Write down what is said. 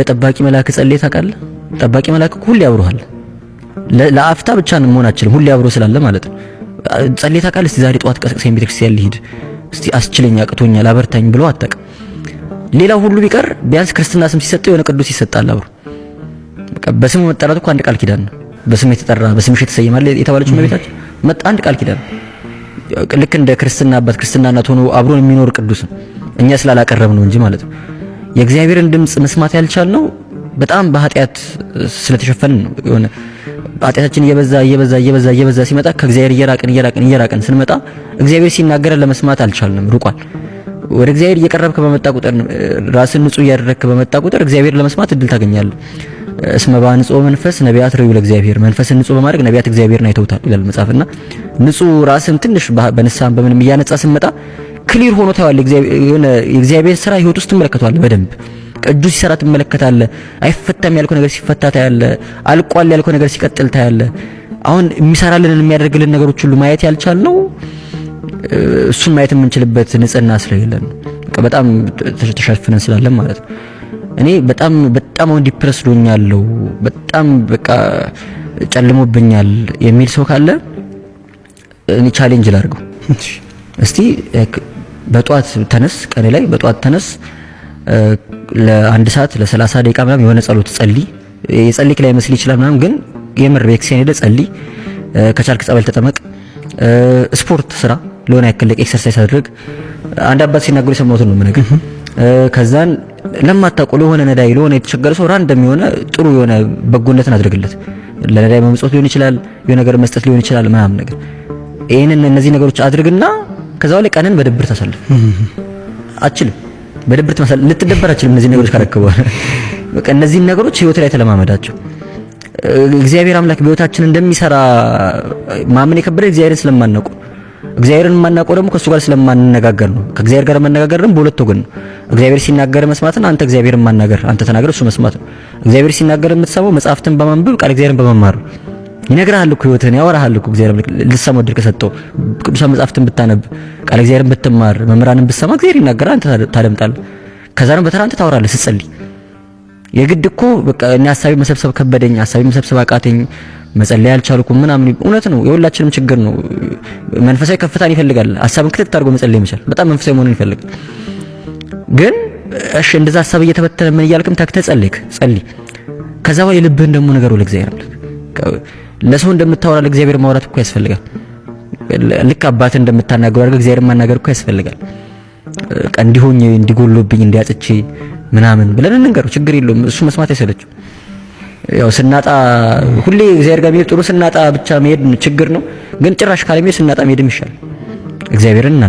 ለጠባቂ መልአክ ጸልይ ታውቃለህ? ጠባቂ መልአክ ሁሌ ያብሮሃል። ለአፍታ ብቻ ነው መሆን አችልም፣ ሁሌ አብሮ ስላለ ማለት ነው። ጸልይ ታውቃለህ? እስቲ ዛሬ ጠዋት ቀስቅሰኝ ቤተክርስቲያን ልሂድ እስቲ አስችለኝ፣ አቅቶኛል፣ አበርታኝ ብሎ አታውቅም። ሌላው ሁሉ ቢቀር ቢያንስ ክርስትና ስም ሲሰጠው የሆነ ቅዱስ ይሰጣል አብሮ። በቃ በስሙ መጠራት እኮ አንድ ቃል ኪዳን ነው። በስም የተጠራ በስምሽ የተሰየማል የተባለችው እመቤታችን መጣ አንድ ቃል ኪዳን ልክ እንደ ክርስትና አባት ክርስትና እናት ሆኖ አብሮን የሚኖር ቅዱስ እኛ ስላላቀረብ ነው እንጂ ማለት ነው። የእግዚአብሔርን ድምፅ መስማት ያልቻልነው በጣም በኃጢአት ስለተሸፈንን ነው። የሆነ ኃጢአታችን እየበዛ እየበዛ እየበዛ እየበዛ ሲመጣ ከእግዚአብሔር እየራቅን እየራቅን እየራቅን ስንመጣ እግዚአብሔር ሲናገረን ለመስማት አልቻልንም፣ ሩቋል። ወደ እግዚአብሔር እየቀረብክ በመጣ ቁጥር ራስን ንጹህ እያደረግክ በመጣ ቁጥር እግዚአብሔር ለመስማት እድል ታገኛለህ። እስመ በንጹህ መንፈስ ነቢያት ርዩ ለእግዚአብሔር፣ መንፈስን ንጹህ በማድረግ ነቢያት እግዚአብሔርን አይተውታል ይላል መጽሐፍና ንጹህ ራስን ትንሽ በንስሐም በምንም እያነጻ ስንመጣ ክሊር ሆኖ ታያለ። የእግዚአብሔር ስራ ህይወት ውስጥ ትመለከተዋለህ በደንብ ቅዱስ ሲሰራ ትመለከታለህ። አይፈታም ያልከው ነገር ሲፈታ ታያለ። አልቋል ያልከው ነገር ሲቀጥል ታያለ። አሁን የሚሰራልን የሚያደርግልን ነገሮች ሁሉ ማየት ነው። እሱን ማየት የምንችልበት ንጽህና ስለሌለን በጣም ተሸፍነን ስላለን ማለት ነው። እኔ በጣም በጣም አሁን ዲፕረስ ዶኛለሁ በጣም በቃ ጨልሞብኛል የሚል ሰው ካለ እኔ ቻሌንጅ ላድርገው እስቲ በጧት ተነስ፣ ቀን ላይ በጧት ተነስ፣ ለአንድ ሰዓት ለ30 ደቂቃ ምናምን የሆነ ጸሎት ጸልይ። የጸልይክ ላይ መስል ይችላል ምናምን፣ ግን የምር ቤተክርስቲያን ሄደህ ጸልይ። ከቻልክ ጸበል ተጠመቅ፣ ስፖርት ስራ፣ ለሆነ ያክል ኤክሰርሳይዝ አድርግ። አንድ አባት ሲናገሩ የሰማሁትን ነው የምነግርህ። ከዛን ለማታውቀው ለሆነ ነዳይ ለሆነ የተቸገረ ሰው ራንደም የሆነ ጥሩ የሆነ በጎነትን አድርግለት። ለነዳይ መምጾት ሊሆን ይችላል፣ የሆነ ነገር መስጠት ሊሆን ይችላል ምናምን ነገር ይሄንን እነዚህ ነገሮች አድርግና ከዛው ላይ ቀንን በድብር ታሳልፍ አችልም። በድብር ትመሳለህ፣ ልትደበር አችልም። እነዚህ ነገሮች ካረከቡ በቃ እነዚህ ነገሮች ህይወት ላይ ተለማመዳቸው። እግዚአብሔር አምላክ በህይወታችን እንደሚሰራ ማመን የከበደ እግዚአብሔርን ስለማናውቁ እግዚአብሔርን የማናውቀው ደግሞ ከእሱ ጋር ስለማንነጋገር ነው። ከእግዚአብሔር ጋር መነጋገር ደግሞ በሁለት ወገን ነው። እግዚአብሔር ሲናገር መስማትን፣ አንተ እግዚአብሔርን ማናገር፣ አንተ ተናገር፣ እሱ መስማት ነው። እግዚአብሔር ሲናገር የምትሰማው መጽሐፍትን በማንበብ ቃል እግዚአብሔርን በመማር ነው። ይነግርሃል እኮ ህይወትህን ያወራሃል እኮ እግዚአብሔር ልትሰማው እድል ከሰጠው ቅዱሳን መጻሕፍትን ብታነብ ቃለ እግዚአብሔርን ብትማር መምህራንን ብትሰማ እግዚአብሔር ይናገራል፣ አንተ ታደምጣለህ። ከዛ ነው በተራ አንተ ታወራለህ ስትጸልይ። የግድ እኮ በቃ እኔ ሀሳቤ መሰብሰብ ከበደኝ፣ ሀሳቤ መሰብሰብ አቃተኝ፣ መጸለይ አልቻልኩም ምናምን። እውነት ነው፣ የሁላችንም ችግር ነው። መንፈሳዊ ከፍታን ይፈልጋል። ሀሳብን ክትት አድርጎ መጸለይ ይመቻል በጣም መንፈሳዊ መሆንን ይፈልጋል። ግን እሺ እንደዛ ሀሳብ እየተበተነ ምን እያልክም ተክተህ ጸልይክ ጸልይ። ከዛ በኋላ የልብህን ደግሞ ነገሩ ለእግዚአብሔር ለሰው እንደምታወራ ለእግዚአብሔር ማውራት እኮ ያስፈልጋል። ልክ አባት እንደምታናገሩ አድርገህ እግዚአብሔር ማናገር እኮ ያስፈልጋል። እንዲሆኝ እንዲጎሎብኝ እንዲያጽቼ ምናምን ብለን እንንገረው፣ ችግር የለውም። እሱ መስማት አይሰለችም። ያው ስናጣ ሁሌ እግዚአብሔር ጋር መሄድ ጥሩ፣ ስናጣ ብቻ መሄድ ችግር ነው። ግን ጭራሽ ካለ ካለመሄድ ስናጣ መሄድም ይሻላል። እግዚአብሔርን